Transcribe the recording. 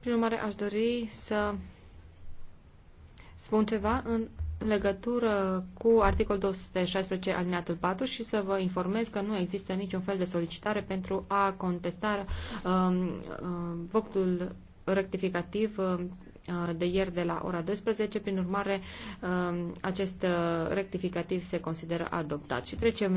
Prin urmare, aș dori să spun ceva în legătură cu articolul 216 alineatul 4 și să vă informez că nu există niciun fel de solicitare pentru a contesta um, um votul rectificativ um, de ieri de la ora 12. Prin urmare, um, acest uh, rectificativ se consideră adoptat. Și trecem